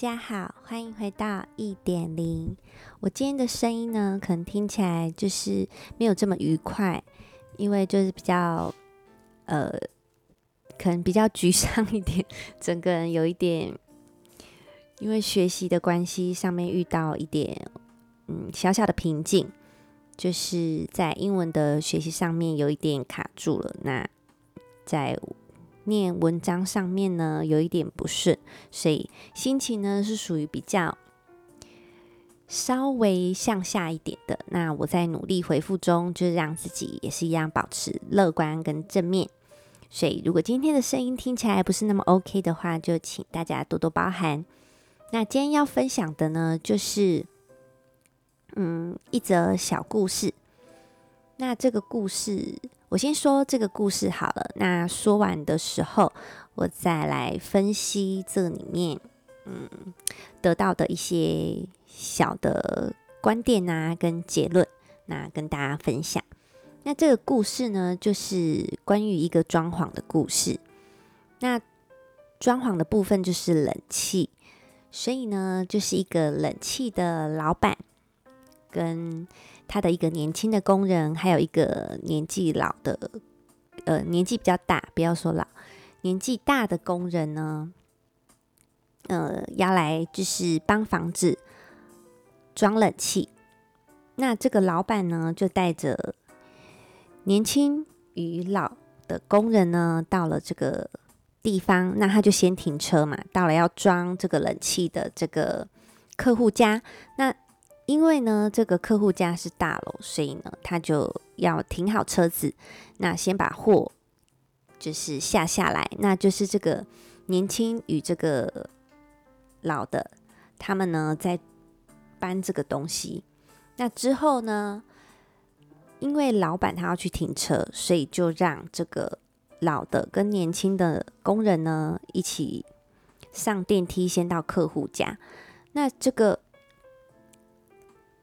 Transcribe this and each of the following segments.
大家好，歡迎回到一點零。我今天的聲音呢，可能聽起來就是沒有這麼愉快，因為就是比較，呃，可能比較沮喪一點，整個人有一點，因為學習的關係上面遇到一點，嗯，小小的瓶頸，就是在英文的學習上面有一點卡住了。那在。念文章上面呢有一點不順，所以心情呢是屬於比較稍微向下一點的。那我在努力回復中，就讓自己也是一樣保持樂觀跟正面。所以如果今天的聲音聽起來不是那麼 OK 的話，就請大家多多包涵。那今天要分享的呢，就是嗯一則小故事。那這個故事，我先說這個故事好了，那說完的時候，我再來分析這裡面，嗯，得到的一些小的觀點啊，跟結論，那跟大家分享。那這個故事呢，就是關於一個裝潢的故事。那裝潢的部分就是冷氣，所以呢，就是一個冷氣的老闆跟。他的一個年輕的工人，還有一個年紀老的，呃，年紀比較大，不要說老，年紀大的工人呢，呃，要來就是幫房子裝冷氣。那這個老板呢，就帶着年輕與老的工人呢，到了這個地方，那他就先停車嘛，到了要裝這個冷氣的這個客戶家，那。因為呢，這個客戶家是大樓，所以呢，他就要停好車子。那先把貨就是下下來，那就是這個年輕與這個老的，他們呢在搬這個東西。那之後呢，因為老板他要去停車，所以就讓這個老的跟年輕的工人呢一起上電梯，先到客戶家。那這個。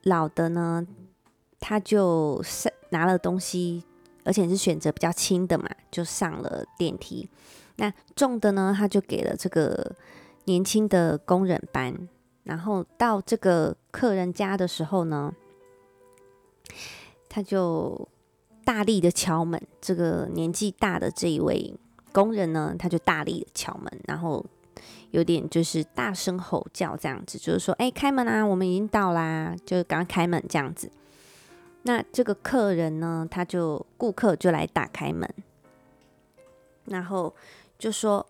老的呢，他就是拿了東西，而且是選擇比較輕的嘛，就上了電梯。那重的呢，他就給了這個年輕的工人搬。然後到這個客人家的時候呢，他就大力的敲門。這個年紀大的這一位工人呢，他就大力的敲門，然後。有點就是大聲吼叫，這樣子，就是說，哎，開門啊，我們已經到啦，就剛開門這樣子。那這個客人呢，他就顧客就來打開門，然後就說，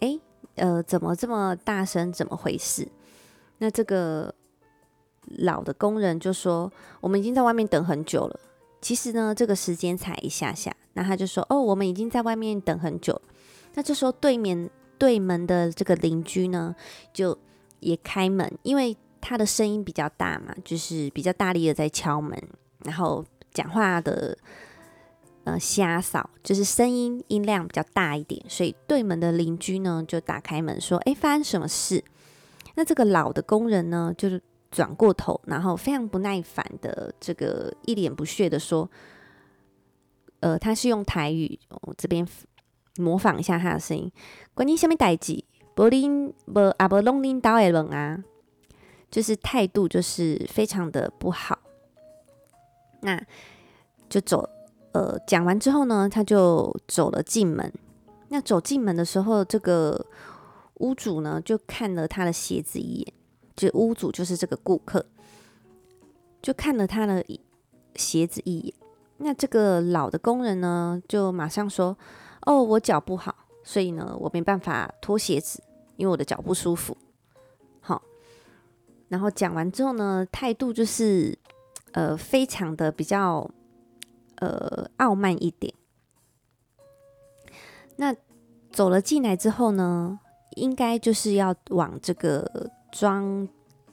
哎，呃，怎麼這麼大聲？怎麼回事？那這個老的工人就說，我們已經在外面等很久了。其實呢，這個時間才一下下。那他就說，哦，我們已經在外面等很久那這時候，對面對門的這個鄰居呢，就也開門，因為他的聲音比較大嘛，就是比較大力的在敲門，然後講話的呃，瞎掃，就是聲音音量比較大一點，所以對門的鄰居呢就打開門說：“哎，發生什麼事？”那這個老的工人呢，就是轉過頭，然後非常不耐煩的這個一臉不屑的說：“呃，他是用台語，我、哦、這邊。”模仿一下他的聲音。關你什麼代志？不靈不啊不龍林倒也冷啊，就是態度就是非常的不好。那就走，呃，講完之後呢，他就走了進門。那走進門的時候，這個屋主呢就看了他的鞋子一眼。就屋主就是這個顧客，就看了他的鞋子一眼。那這個老的工人呢，就馬上說。哦，oh, 我腳不好，所以呢，我沒辦法脫鞋子，因為我的腳不舒服。好、哦，然後講完之後呢，態度就是，呃，非常的比較，呃，傲慢一點。那走了進來之後呢，應該就是要往這個裝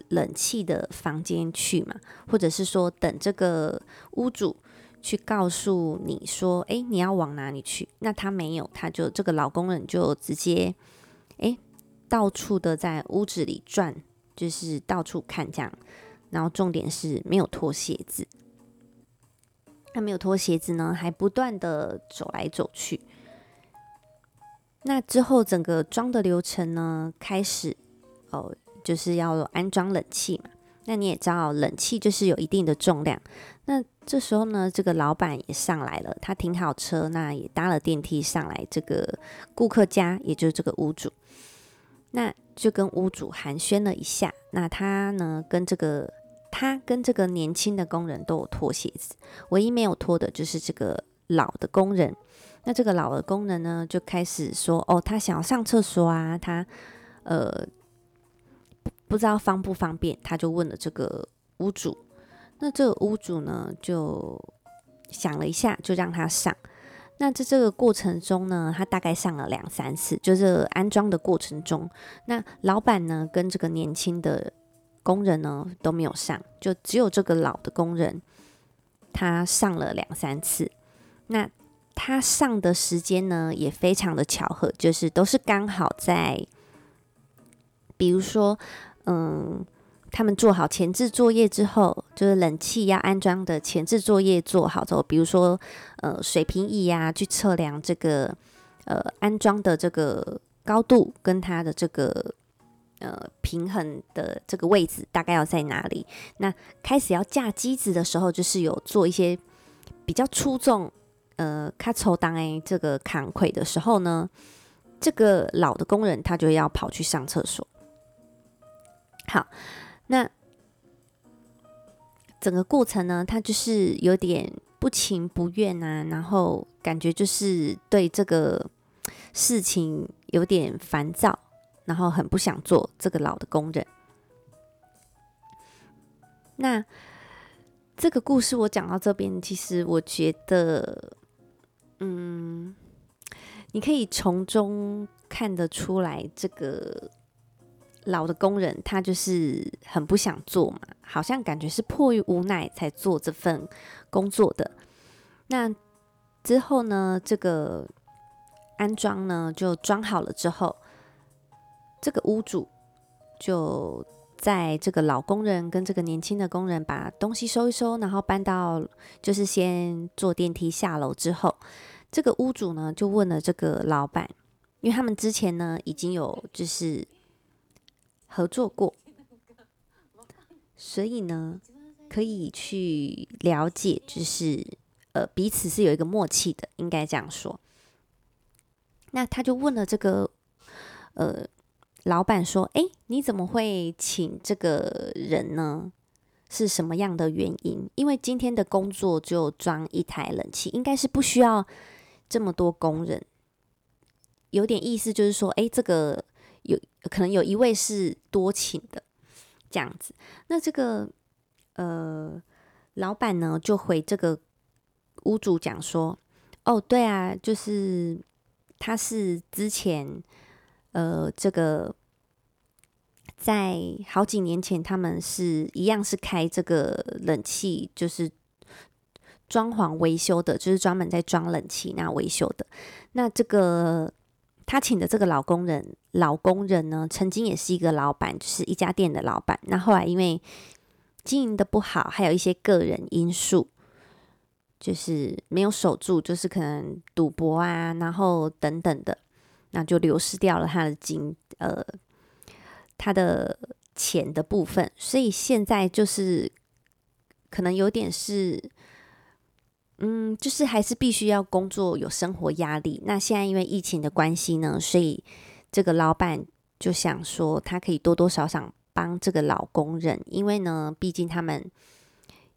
冷氣的房間去嘛，或者是說等這個屋主。去告訴你說，誒，你要往哪裡去？那他沒有，他就這個老工人就直接，誒，到處的在屋子裡轉，就是到處看這樣。然後重點是沒有脫鞋子，他沒有脫鞋子呢，還不斷的走來走去。那之後整個裝的流程呢，開始哦，就是要安裝冷氣嘛。那你也知道，冷氣就是有一定的重量，那。這時候呢，這個老闆也上來了，他停好車，那也搭了電梯上來。這個顧客家，也就是這個屋主，那就跟屋主寒暄了一下。那他呢，跟這個他跟這個年輕的工人，都有脫鞋子，唯一沒有脫的就是這個老的工人。那這個老的工人呢，就開始說：“哦，他想要上廁所啊，他呃不，不知道方不方便。”他就問了這個屋主。那這個屋主呢，就想了一下，就讓他上。那在這個過程中呢，他大概上了兩三次，就是這個安裝的過程中。那老闆呢，跟這個年輕的工人呢都沒有上，就只有這個老的工人，他上了兩三次。那他上的時間呢，也非常的巧合，就是都是剛好在，比如說，嗯。他們做好前置作業之後，就是冷氣要安裝的前置作業做好之後，比如說呃水平儀呀、啊，去測量這個呃安裝的這個高度跟它的這個呃平衡的這個位置大概要在哪裡。那開始要架機子的時候，就是有做一些比較粗重呃扛重當哎這個扛腿的時候呢，這個老的工人他就要跑去上廁所。好。那整個過程呢，他就是有點不情不願啊，然後感覺就是對這個事情有點煩躁，然後很不想做這個老的工人。那這個故事我講到這邊，其實我覺得，嗯，你可以從中看得出來這個。老的工人他就是很不想做嘛，好像感覺是迫於無奈才做這份工作的。那之後呢，這個安裝呢就裝好了之後，這個屋主就在這個老工人跟這個年輕的工人把東西收一收，然後搬到就是先坐電梯下樓之後，這個屋主呢就問了這個老闆，因為他們之前呢已經有就是。合作過，所以呢，可以去了解，就是呃，彼此是有一個默契的，應該這樣說。那他就問了這個，呃，老闆說：“哎，你怎麼會請這個人呢？是什麼樣的原因？因為今天的工作就裝一台冷氣，應該是不需要這麼多工人，有點意思，就是說，哎，這個。”有可能有一位是多請的這樣子，那這個呃老闆呢，就回這個屋主講說，哦，對啊，就是他是之前呃這個在好幾年前他們是一樣是開這個冷氣，就是裝潢維修的，就是專門在裝冷氣那維修的，那這個。他請的這個老工人，老工人呢，曾經也是一個老闆，就是一家店的老闆。那後來因為經營的不好，還有一些個人因素，就是沒有守住，就是可能賭博啊，然後等等的，那就流失掉了他的金，呃，他的錢的部分。所以現在就是可能有點是。嗯，就是還是必須要工作，有生活壓力。那現在因為疫情的關係呢，所以這個老闆就想說，他可以多多少少幫這個老工人，因為呢，畢竟他們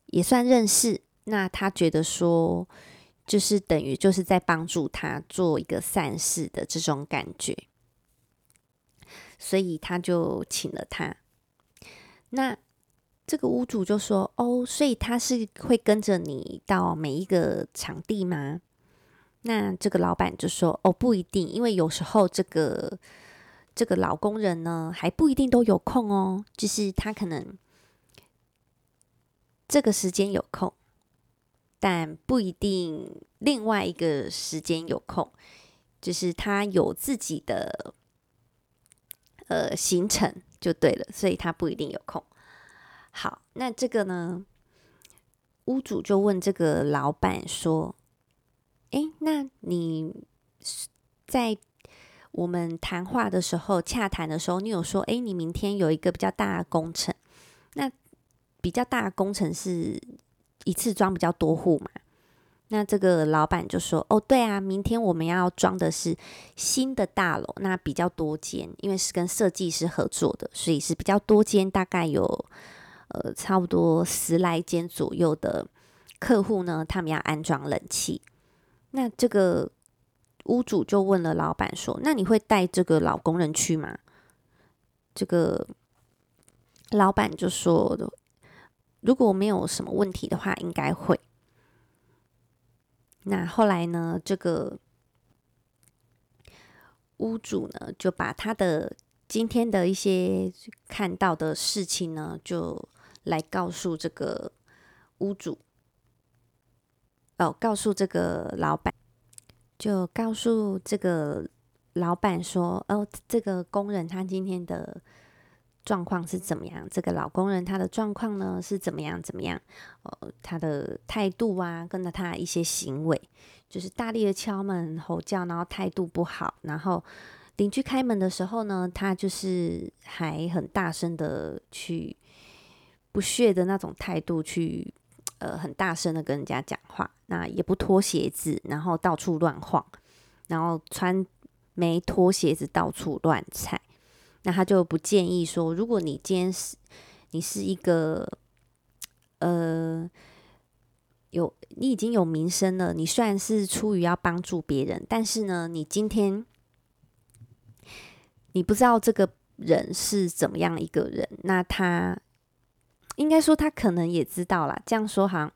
也算認識。那他覺得說，就是等於就是在幫助他做一個善事的這種感覺，所以他就請了他。那。這個屋主就說：“哦，所以他是會跟着你到每一個場地嗎？”那這個老闆就說：“哦，不一定，因為有時候這個這個老工人呢還不一定都有空哦。就是他可能這個時間有空，但不一定另外一個時間有空。就是他有自己的呃行程就對了，所以他不一定有空。”好，那這個呢？屋主就問這個老闆說：“哎，那你在我們談話的時候，洽談的時候，你有說哎，你明天有一個比較大的工程？那比較大的工程是一次裝比較多戶嘛？那這個老闆就說：‘哦，對啊，明天我們要裝的是新的大樓，那比較多間，因為是跟設計師合作的，所以是比較多間，大概有……’”呃，差不多十來間左右的客戶呢，他們要安裝冷氣。那這個屋主就問了老闆說：“那你會帶這個老工人去嗎？”這個老闆就說：“如果沒有什麼問題的話，應該會。”那後來呢，這個屋主呢就把他的今天的一些看到的事情呢就。來告訴這個屋主，哦，告訴這個老闆，就告訴這個老闆說，哦，這個工人他今天的狀況是怎麼樣？這個老工人他的狀況呢是怎麼樣？怎麼樣？哦，他的態度啊，跟着他一些行為，就是大力的敲門、吼叫，然後態度不好。然後鄰居開門的時候呢，他就是還很大聲的去。不屑的那種態度去，呃，很大聲的跟人家講話，那也不脫鞋子，然後到處亂晃，然後穿沒脫鞋子到處亂踩，那他就不建議說，如果你今天是你是一個，呃，有你已經有名聲了，你雖然是出於要幫助別人，但是呢，你今天你不知道這個人是怎麼樣一個人，那他。應該說他可能也知道啦，這樣說哈，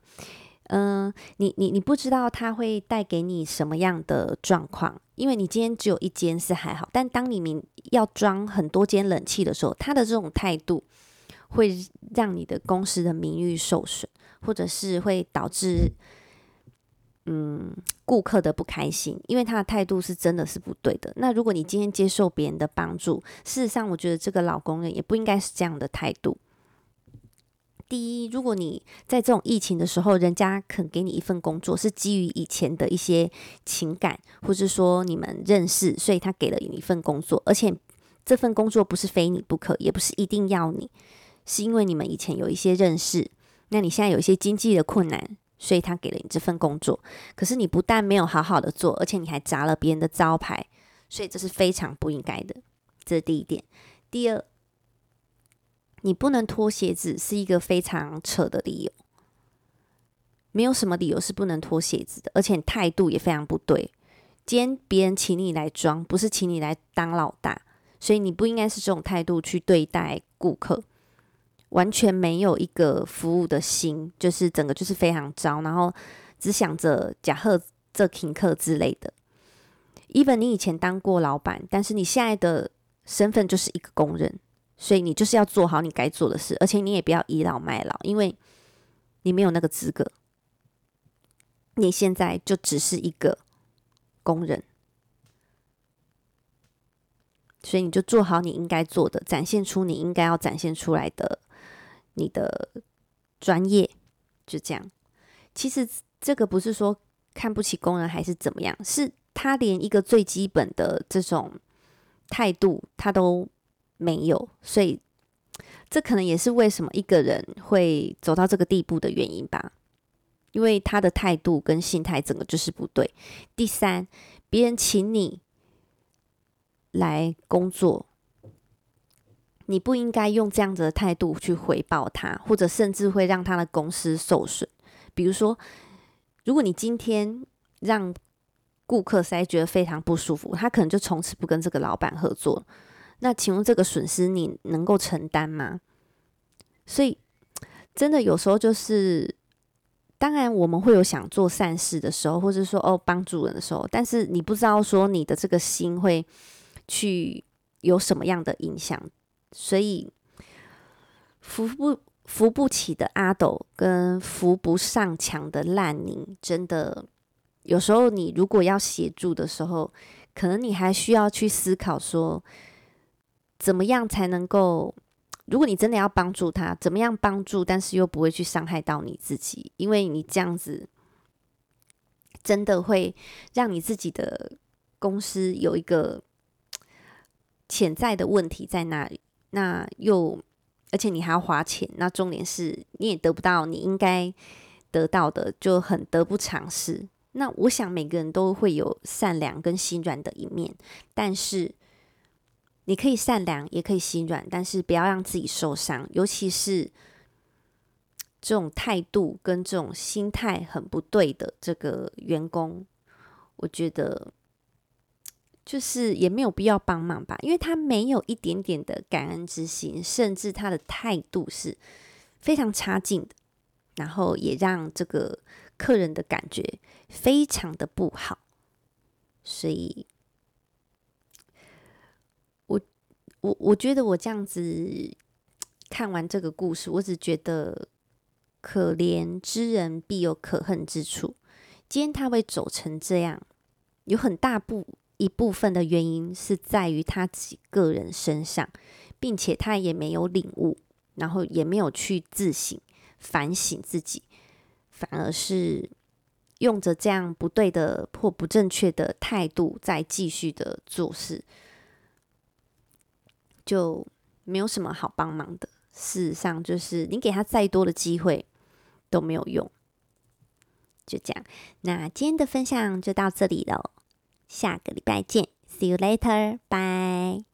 嗯、呃，你你你不知道他會帶給你什麼樣的狀況，因為你今天只有一間是還好，但當你明要裝很多間冷氣的時候，他的這種態度會讓你的公司的名譽受損，或者是會導致嗯顧客的不開心，因為他的態度是真的是不對的。那如果你今天接受別人的幫助，事實上我覺得這個老工人也，也不應該是這樣的態度。第一，如果你在這種疫情的時候，人家肯給你一份工作，是基於以前的一些情感，或是說你們認識，所以他給了你一份工作，而且這份工作不是非你不可，也不是一定要你，是因為你們以前有一些認識，那你現在有一些經濟的困難，所以他給了你這份工作。可是你不但沒有好好的做，而且你還砸了別人的招牌，所以這是非常不應該的。這是第一點。第二，你不能脫鞋子是一個非常扯的理由，沒有什麼理由是不能脫鞋子的，而且態度也非常不對。今天別人請你來裝，不是請你來當老大，所以你不應該是這種態度去對待顧客，完全沒有一個服務的心，就是整個就是非常糟，然後只想着假設這停客之類的。Even，你以前當過老闆，但是你現在的身份就是一個工人。所以你就是要做好你該做的事，而且你也不要倚老賣老，因為你沒有那個資格。你現在就只是一個工人，所以你就做好你應該做的，展現出你應該要展現出來的你的專業，就這樣。其實這個不是說看不起工人還是怎麼樣，是他連一個最基本的這種態度他都。沒有，所以這可能也是為什麼一個人會走到這個地步的原因吧。因為他的態度跟心態整個就是不對。第三，別人請你來工作，你不應該用這樣子的態度去回報他，或者甚至會讓他的公司受損。比如說，如果你今天讓顧客實在覺得非常不舒服，他可能就從此不跟這個老闆合作。那請問這個損失你能夠承擔嗎？所以真的有時候就是，當然我們會有想做善事的時候，或者說哦幫助人的時候，但是你不知道說你的這個心會去有什麼樣的影響。所以扶不扶不起的阿斗跟扶不上牆的爛泥，真的有時候你如果要協助的時候，可能你還需要去思考說，怎麼樣才能夠？如果你真的要幫助他，怎麼樣幫助，但是又不會去傷害到你自己？因為你這樣子，真的會讓你自己的公司有一個潛在的問題在那裡，那又而且你還要花錢，那重點是你也得不到你應該得到的，就很得不償失。那我想每個人都會有善良跟心軟的一面，但是。你可以善良，也可以心軟，但是不要讓自己受傷。尤其是這種態度跟這種心態很不對的這個員工，我覺得就是也沒有必要幫忙吧？因為他沒有一點點的感恩之心，甚至他的態度是非常差勁的，然後也讓這個客人的感覺非常的不好，所以。我我覺得我這樣子看完這個故事，我只覺得可憐之人必有可恨之處。今天他會走成這樣，有很大部一部分的原因是在於他自己個人身上，並且他也沒有領悟，然後也沒有去自省、反省自己，反而是用着這樣不對的或不正確的態度再繼續的做事。就沒有什麼好幫忙的。事實上，就是你給他再多的機會都沒有用。就這樣，那今天的分享就到這裡嘍。下個禮拜見，See you later，bye。